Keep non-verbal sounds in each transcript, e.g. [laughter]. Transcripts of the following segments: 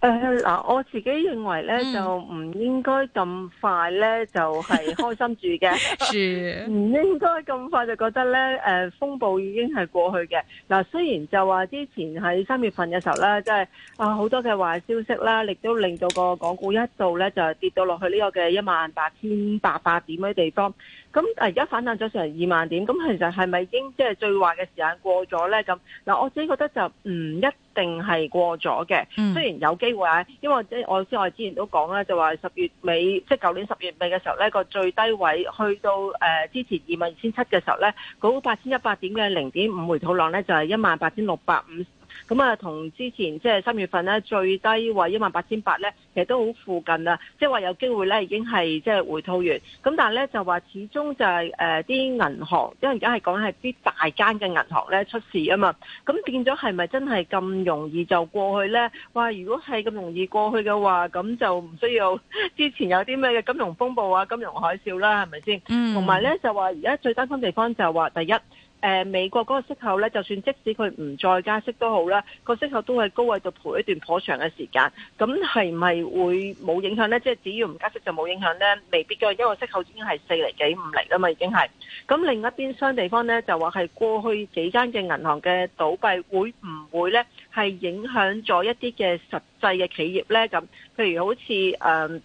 誒，嗱、呃，我自己認為咧、嗯、就唔應該咁快咧就係、是、開心住嘅，唔 [laughs] [laughs] 應該咁快就覺得咧，誒、呃，風暴已經係過去嘅。嗱、呃，雖然就話之前喺三月份嘅時候咧，即係啊好多嘅壞消息啦，亦都令到個港股一度咧就跌到落去呢個嘅一萬八千八百點嘅地方。咁而家反彈咗成二萬點，咁其實係咪已經即係、就是、最壞嘅時間過咗咧？咁嗱、呃，我自己覺得就唔一。定係過咗嘅，嗯、雖然有機會啊，因為即我之我之前都講啦，就話十月尾，即係舊年十月尾嘅時候呢個最低位去到誒、呃、之前二萬二千七嘅時候呢嗰八千一百點嘅零點五回吐浪呢就係一萬八千六百五。咁啊，同之前即係三月份咧最低話一萬八千八咧，其實都好附近啦。即係話有機會咧，已經係即係回吐完。咁但係咧就話始終就係、是、啲、呃、銀行，因為而家係講係啲大間嘅銀行咧出事啊嘛。咁變咗係咪真係咁容易就過去咧？哇！如果係咁容易過去嘅話，咁就唔需要之前有啲咩嘅金融風暴啊、金融海嘯啦，係咪先？同埋咧就話而家最擔心地方就係話第一。誒、呃、美國嗰個息口咧，就算即使佢唔再加息都好啦，個息口都喺高位度陪一段頗長嘅時間。咁係唔係會冇影響咧？即、就、係、是、只要唔加息就冇影響咧？未必㗎，因為息口已經係四厘幾五厘啦嘛，已經係。咁另一邊廂地方咧，就話係過去幾間嘅銀行嘅倒閉會會，會唔會咧係影響咗一啲嘅實際嘅企業咧？咁譬如好似誒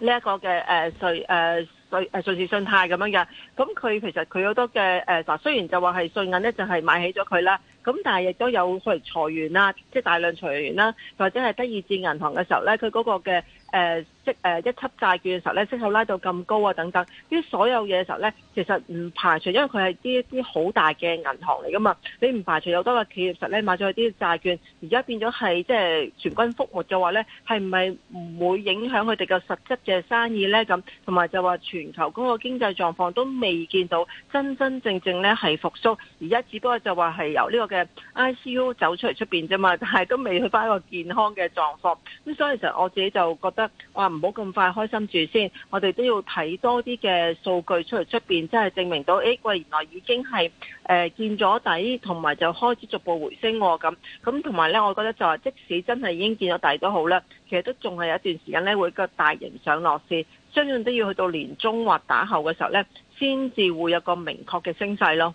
呢一個嘅誒稅誒瑞士信貸咁樣嘅，咁佢其實佢好多嘅誒，嗱、呃、雖然就話係信銀咧，就係、是、買起咗佢啦，咁但係亦都有去裁員啦，即係、就是、大量裁員啦，或者係德意志銀行嘅時候咧，佢嗰個嘅誒。呃即一級債券嘅時候咧，息口拉到咁高啊，等等，啲所有嘢嘅時候咧，其實唔排除，因為佢係啲一啲好大嘅銀行嚟噶嘛，你唔排除有多個企業實咧買咗啲債券，而家變咗係即係全軍覆沒嘅話咧，係唔係唔會影響佢哋嘅實質嘅生意咧？咁同埋就話全球嗰個經濟狀況都未見到真真正正咧係復甦，而家只不過就話係由呢個嘅 I C U 走出嚟出面啫嘛，但係都未去翻一個健康嘅狀況，咁所以其實我自己就覺得哇～唔好咁快開心住先，我哋都要睇多啲嘅數據出嚟出邊，真係證明到，哎，原來已經係誒、呃、見咗底，同埋就開始逐步回升喎。咁咁同埋咧，我覺得就係即使真係已經見咗底都好啦，其實都仲係有一段時間咧會個大型上落市，相信都要去到年中或打後嘅時候咧，先至會有個明確嘅升勢咯。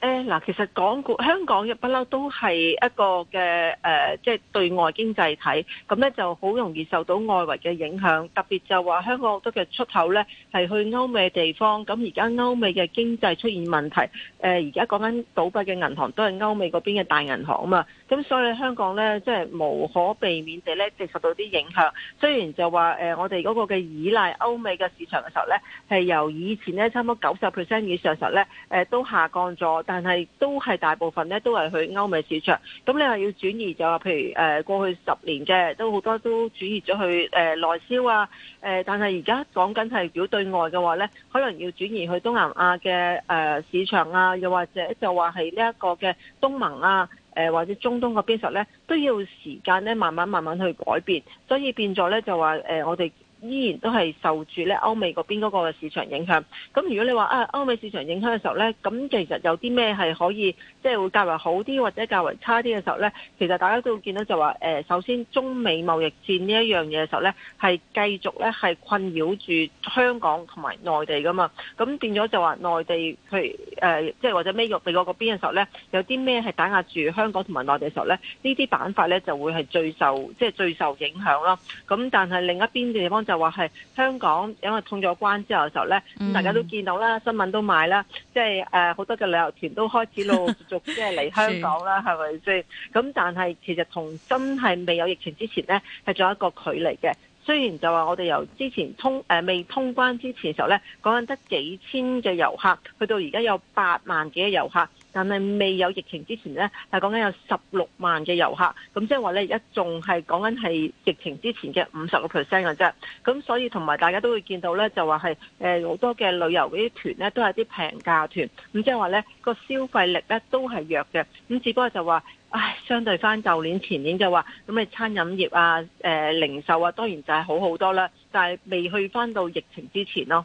誒嗱，其實港股香港嘅不嬲都係一個嘅誒，即、呃、係、就是、對外經濟體，咁咧就好容易受到外圍嘅影響。特別就話香港好多嘅出口咧係去歐美地方，咁而家歐美嘅經濟出現問題，誒而家講緊倒閉嘅銀行都係歐美嗰邊嘅大銀行啊嘛，咁所以香港咧即係無可避免地咧接受到啲影響。雖然就話誒、呃，我哋嗰個嘅依賴歐美嘅市場嘅時候咧，係由以前咧差唔多九十 percent 以上嘅時候咧、呃，都下降咗。但係都係大部分咧，都係去歐美市場。咁你話要轉移就話，譬如誒過去十年嘅都好多都轉移咗去誒、呃、內銷啊。誒、呃，但係而家講緊係如果對外嘅話咧，可能要轉移去東南亞嘅誒、呃、市場啊，又或者就話係呢一個嘅東盟啊、呃，或者中東嗰邊實咧，都要時間咧慢慢慢慢去改變。所以變咗咧就話誒、呃、我哋。依然都係受住咧歐美嗰邊嗰個市場影響。咁如果你話啊歐美市場影響嘅時候咧，咁其實有啲咩係可以即係、就是、會較為好啲或者較為差啲嘅時候咧，其實大家都會見到就話誒，首先中美貿易戰呢一樣嘢嘅時候咧，係繼續咧係困擾住香港同埋內地噶嘛。咁變咗就話內地去誒，即、呃、係、就是、或者咩用美國嗰邊嘅時候咧，有啲咩係打壓住香港同埋內地嘅時候咧，呢啲板塊咧就會係最受即係、就是、最受影響咯。咁但係另一邊嘅地方。就話係香港，因為通咗關之後嘅時候咧，嗯、大家都見到啦，新聞都賣啦，即係誒好多嘅旅遊團都開始陸續即係嚟香港啦，係咪先？咁但係其實同真係未有疫情之前咧，係仲有一個距離嘅。雖然就話我哋由之前通誒未、呃、通關之前嘅時候咧，講緊得幾千嘅遊客，去到而家有八萬幾嘅遊客。但係未有疫情之前呢，係講緊有十六萬嘅遊客，咁即係話呢而家仲係講緊係疫情之前嘅五十個 percent 嘅啫。咁所以同埋大家都會見到呢，就話係誒好多嘅旅遊嗰啲團呢，都係啲平價團，咁即係話呢個消費力呢，都係弱嘅。咁只不過就話，唉，相對翻舊年、前年就話，咁你餐飲業啊、誒、呃、零售啊，當然就係好好多啦，但係未去翻到疫情之前咯。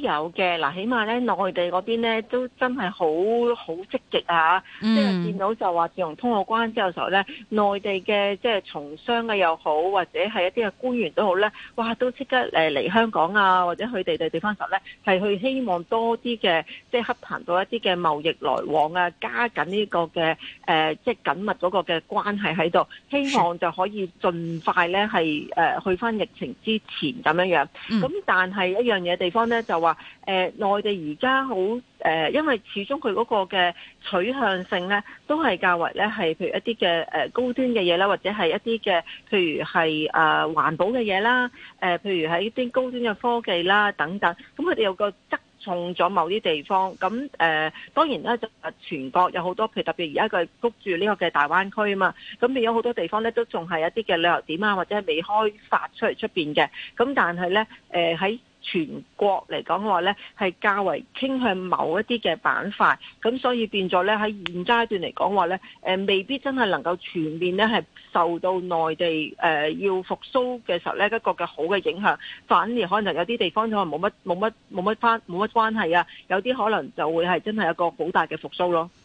有嘅嗱，起碼咧內地嗰邊咧都真係好好積極啊！即係、嗯、見到就話自從通過關之後嘅時候咧，內地嘅即係從商嘅又好，或者係一啲嘅官員都好咧，哇！都即刻誒嚟香港啊，或者去地地地方嘅時候咧，係去希望多啲嘅即係洽談到一啲嘅貿易來往啊，加緊呢個嘅誒、呃、即係緊密嗰個嘅關係喺度，希望就可以盡快咧係誒去翻疫情之前咁樣樣。咁、嗯嗯、但係一樣嘢地方咧就話。誒，內、呃、地而家好誒，因為始終佢嗰個嘅取向性咧，都係較為咧係譬如一啲嘅誒高端嘅嘢啦，或者係一啲嘅譬如係誒環保嘅嘢啦，誒、呃、譬如喺一啲高端嘅科技啦等等。咁佢哋有個側重咗某啲地方。咁、嗯、誒、呃，當然咧就全國有好多，譬如特別而家佢谷住呢個嘅大灣區啊嘛。咁變咗好多地方咧都仲係一啲嘅旅遊點啊，或者係未開發出嚟出邊嘅。咁、嗯、但係咧誒喺。呃全國嚟講話咧，係較為傾向某一啲嘅板塊，咁所以變咗咧喺現階段嚟講話咧，未必真係能夠全面咧係受到內地誒要復甦嘅時候咧一個嘅好嘅影響，反而可能有啲地方都係冇乜冇乜冇乜翻冇乜關係啊，有啲可能就會係真係一個好大嘅復甦咯。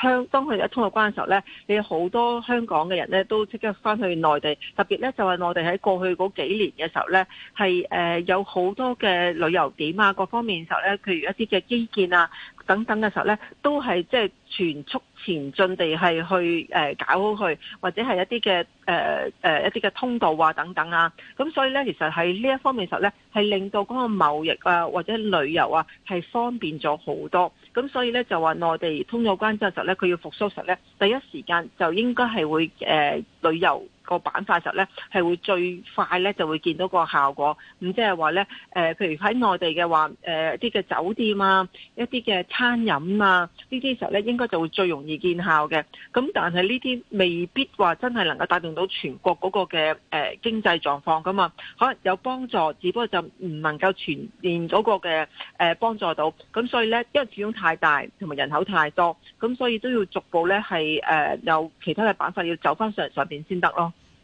香，當佢一通過關嘅時候咧，你好多香港嘅人咧都即刻翻去內地，特別咧就係我哋喺過去嗰幾年嘅時候咧，係誒有好多嘅旅遊點啊，各方面嘅時候咧，譬如一啲嘅基建啊等等嘅時候咧，都係即係全速前進地係去、呃、搞好去，或者係一啲嘅誒一啲嘅通道啊等等啊，咁所以咧其實喺呢一方面時候咧，係令到嗰個貿易啊或者旅遊啊係方便咗好多。咁所以呢，就話內地通咗關之後就咧，佢要復甦時呢，第一時間就應該係會誒、呃、旅遊個板塊時候咧係會最快咧就會見到個效果，咁即係話咧，誒、呃，譬如喺內地嘅話，誒、呃，一啲嘅酒店啊，一啲嘅餐飲啊，呢啲時候咧應該就會最容易見效嘅。咁但係呢啲未必話真係能夠帶動到全國嗰個嘅誒、呃、經濟狀況噶嘛，可能有幫助，只不過就唔能夠全面嗰個嘅誒幫助到。咁所以咧，因為始終太大，同埋人口太多，咁所以都要逐步咧係誒有其他嘅板塊要走翻上上邊先得咯。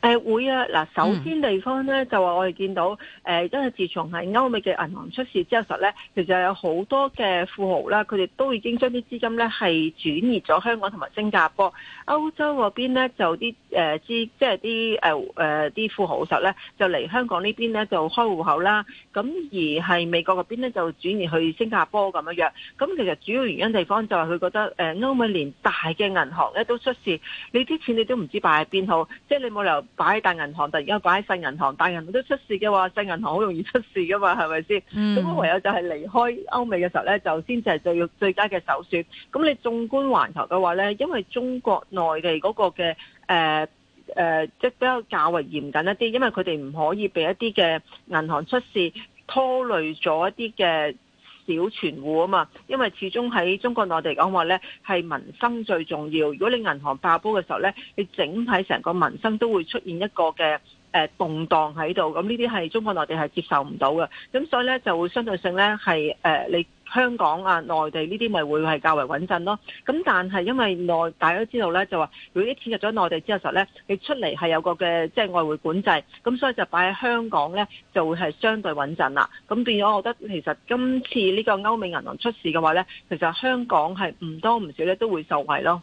誒會啊！嗱，首先地方咧就話我哋見到誒，嗯、因為自從係歐美嘅銀行出事之後實咧，其實有好多嘅富豪啦，佢哋都已經將啲資金咧係轉移咗香港同埋新加坡。歐洲嗰邊咧就啲誒資，即係啲誒誒啲富豪實咧就嚟香港邊呢邊咧就開戶口啦。咁而係美國嗰邊咧就轉移去新加坡咁樣樣。咁其實主要原因地方就係佢覺得誒、呃、歐美連大嘅銀行咧都出事，你啲錢你都唔知擺喺邊好，即係你冇擺喺大銀行，突然間擺喺細銀行，大銀行都出事嘅話，細銀行好容易出事噶嘛，係咪先？咁、嗯、唯有就係離開歐美嘅時候咧，就先就係最最佳嘅首選。咁你縱觀環球嘅話咧，因為中國內地嗰個嘅誒誒，即、呃、係、呃、比較較為嚴謹一啲，因為佢哋唔可以俾一啲嘅銀行出事拖累咗一啲嘅。小存戶啊嘛，因為始終喺中國內地講話咧，係民生最重要。如果你銀行爆煲嘅時候咧，你整體成個民生都會出現一個嘅誒動盪喺度。咁呢啲係中國內地係接受唔到嘅，咁所以咧就會相對性咧係誒你。香港啊，內地呢啲咪會係較為穩陣咯。咁但係因為內大家都知道咧，就話如果一切入咗內地之後時呢咧，你出嚟係有個嘅即係外匯管制，咁所以就擺喺香港咧就會係相對穩陣啦。咁變咗，我覺得其實今次呢個歐美銀行出事嘅話咧，其實香港係唔多唔少咧都會受惠咯。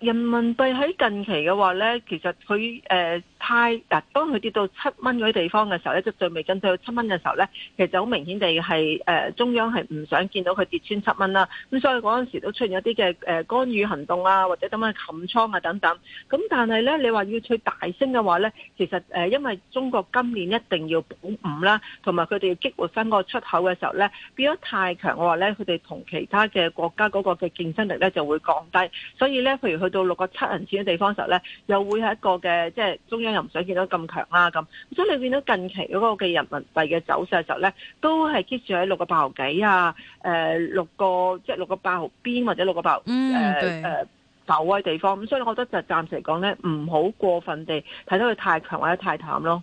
人民幣喺近期嘅話咧，其實佢誒、呃、太嗱，當佢跌到七蚊嗰啲地方嘅時候咧，即最尾跟到七蚊嘅時候咧，其實好明顯地係誒、呃、中央係唔想見到佢跌穿七蚊啦。咁所以嗰陣時都出現一啲嘅誒干預行動啊，或者咁樣冚倉啊等等。咁但係咧，你要話要佢大升嘅話咧，其實誒因為中國今年一定要保五啦，同埋佢哋激活新個出口嘅時候咧，變咗太強嘅話咧，佢哋同其他嘅國家嗰個嘅競爭力咧就會降低。所以咧，去到六個七銀錢嘅地方時候咧，又會係一個嘅即係中央又唔想見到咁強啦、啊、咁，所以你見到近期嗰個嘅人民幣嘅走勢嘅時候咧，都係 keep 住喺六個八毫幾啊，誒六個即係六個八毫邊或者六個八誒誒頭嘅地方，咁所以我覺得就暫時嚟講咧，唔好過分地睇到佢太強或者太淡咯。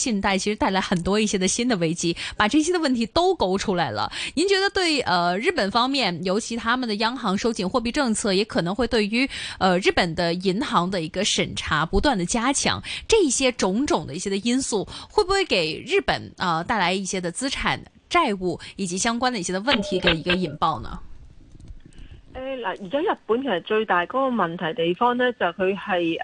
信貸其實帶來很多一些的新的危機，把這些的問題都勾出來了。您覺得對呃日本方面，尤其他們的央行收緊貨幣政策，也可能會對於呃日本的銀行的一個審查不斷的加強，這些種種的一些的因素，會不會給日本啊帶來一些的資產債務以及相關的一些的問題的一個引爆呢？嗱、呃，而家日本其實最大嗰個問題地方呢、呃，就佢係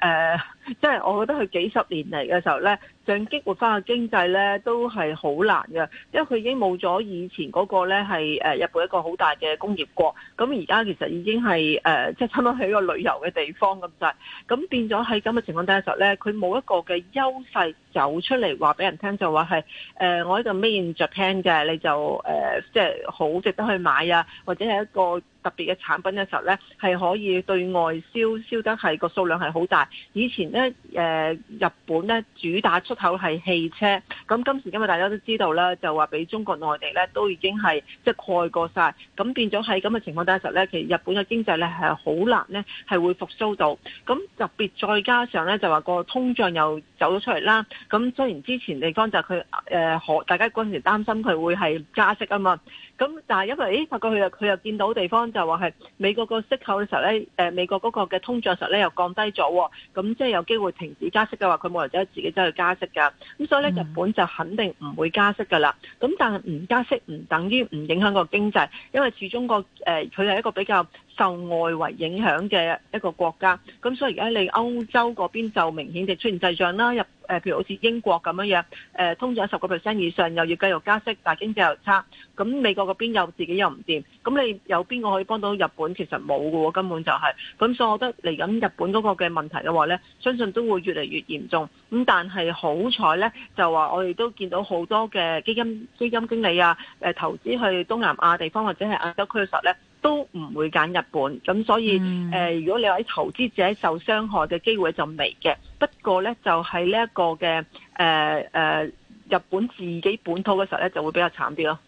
即係我覺得佢幾十年嚟嘅時候呢。想激活翻個經濟咧，都係好難嘅，因為佢已經冇咗以前嗰個咧，係誒日本一個好大嘅工業國。咁而家其實已經係誒，即、呃、係差唔多係一個旅遊嘅地方咁就滯。咁變咗喺咁嘅情況底下就咧，佢冇一個嘅優勢走出嚟話俾人聽，就話係誒我呢個 made in Japan 嘅你就誒、呃，即係好值得去買啊，或者係一個特別嘅產品嘅時候咧，係可以對外銷銷得係個數量係好大。以前咧誒、呃、日本咧主打出。係汽車，咁今時今日大家都知道啦，就話俾中國內地咧都已經係即係蓋過晒，咁變咗喺咁嘅情況底下咧，其實日本嘅經濟咧係好難咧係會復甦到，咁特別再加上咧就話個通脹又走咗出嚟啦，咁雖然之前地方就佢誒可大家嗰陣時擔心佢會係加息啊嘛，咁但係因為誒發覺佢又佢又見到地方就話係美國個息口嘅時候咧，誒美國嗰個嘅通脹時候咧又降低咗，咁即係有機會停止加息嘅話，佢冇理由自己走去加息。噶，咁所以咧，日本就肯定唔會加息噶啦。咁但係唔加息唔等於唔影響個經濟，因為始終個誒，佢、呃、係一個比較。受外圍影響嘅一個國家，咁所以而家你歐洲嗰邊就明顯地出現滯脹啦，入誒譬如好似英國咁樣樣，通脹十個 percent 以上，又要繼續加息，但經濟又差。咁美國嗰邊又自己又唔掂，咁你有邊個可以幫到日本？其實冇㗎喎，根本就係、是。咁所以我覺得嚟緊日本嗰個嘅問題嘅話咧，相信都會越嚟越嚴重。咁但係好彩咧，就話我哋都見到好多嘅基金基金經理啊，誒投資去東南亞地方或者係亞洲區嘅時候咧，都唔會揀日本，咁所以誒、嗯呃，如果你係投資者，受傷害嘅機會就微嘅。不過咧，就係呢一個嘅誒誒，日本自己本土嘅時候咧，就會比較慘啲咯。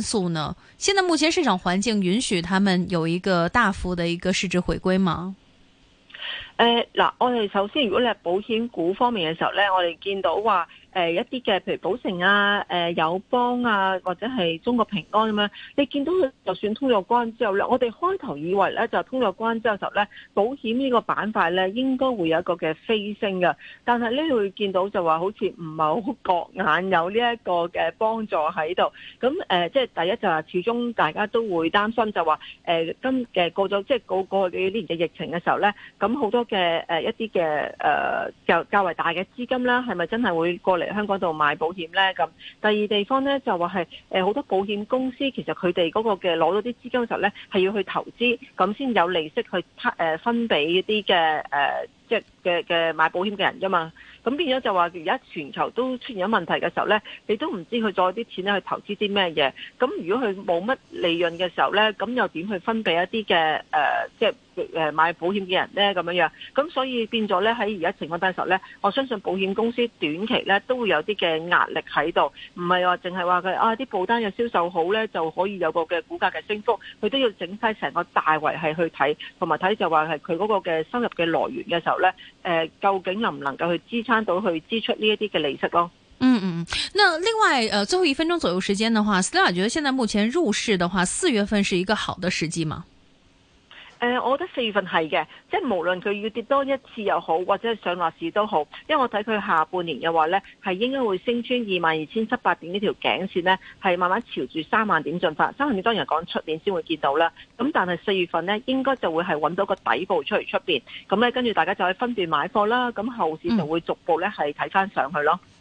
因素呢？現在目前市場環境允許他們有一個大幅的一個市值回歸嗎？誒、呃，嗱，我哋首先如果你係保險股方面嘅時候咧，我哋見到話。誒、呃、一啲嘅，譬如保誠啊、誒友邦啊，或者係中國平安咁樣，你見到佢就算通咗關之後咧，我哋開頭以為咧就是、通咗關之後就咧，保險呢個板塊咧應該會有一個嘅飛升嘅，但係呢，會見到就話好似唔係好覺眼有呢一個嘅幫助喺度。咁誒、呃，即係第一就係始終大家都會擔心就，就話誒今嘅過咗即係過過去幾年嘅疫情嘅時候咧，咁好多嘅、呃、一啲嘅誒較較為大嘅資金啦，係咪真係會過？嚟香港度買保險咧咁，第二地方咧就話係誒好多保險公司其實佢哋嗰個嘅攞到啲資金嘅時候咧，係要去投資，咁先有利息去誒分俾一啲嘅誒，即。嘅嘅買保險嘅人㗎嘛，咁變咗就話，而家全球都出現咗問題嘅時候呢，你都唔知佢再啲錢咧去投資啲咩嘢，咁如果佢冇乜利潤嘅時候呢，咁又點去分畀一啲嘅誒，即係誒買保險嘅人呢？咁樣樣，咁所以變咗呢，喺而家情況底下時候呢，我相信保險公司短期呢都會有啲嘅壓力喺度，唔係話淨係話佢啊啲保單嘅銷售好呢就可以有個嘅股價嘅升幅，佢都要整曬成個大圍係去睇，同埋睇就話係佢嗰個嘅收入嘅來源嘅時候呢。誒、呃，究竟能唔能夠去支撐到去支出呢一啲嘅利息咯？嗯嗯嗯，那另外，呃，最後一分鐘左右時間的話，Stella 覺得現在目前入市的話，四月份是一個好的時機嗎？誒、呃，我覺得四月份係嘅，即係無論佢要跌多一次又好，或者係上落市都好，因為我睇佢下半年嘅話咧，係應該會升穿二萬二千七百點呢條頸線咧，係慢慢朝住三萬點進發。三萬點當然係講出年先會見到啦，咁但係四月份咧，應該就會係揾到個底部出嚟出面。咁咧跟住大家就可以分段買貨啦。咁後市就會逐步咧係睇翻上去咯。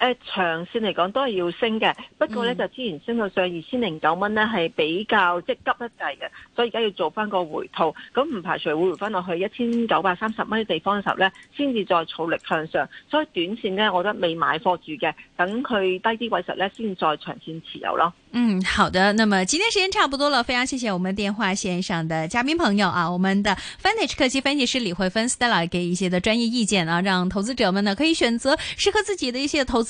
誒、呃、長線嚟講都係要升嘅，不過呢就之前升到上二千零九蚊呢，係比較即急得滯嘅，所以而家要做翻個回吐，咁唔排除會回翻落去一千九百三十蚊嘅地方嘅時候呢，先至再儲力向上。所以短線呢，我覺得未買貨住嘅，等佢低啲位實呢，先至再長線持有咯。嗯，好的，那麼今天時間差不多了，非常謝謝我們電話線上的嘉賓朋友啊，我們的 VanTech 科技分析師李慧芬 Stella，給一些嘅專業意見啊，讓投資者們呢可以選擇適合自己的一些投資。